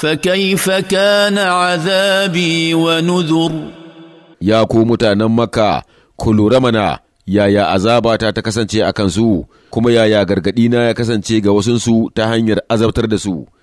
فكيف كان عذابي ونذر Ya ko mutanen Makka ku lura mana yaya azabata ta kasance a kansu kuma yaya gargadina ya kasance ga wasunsu ta hanyar azabtar da su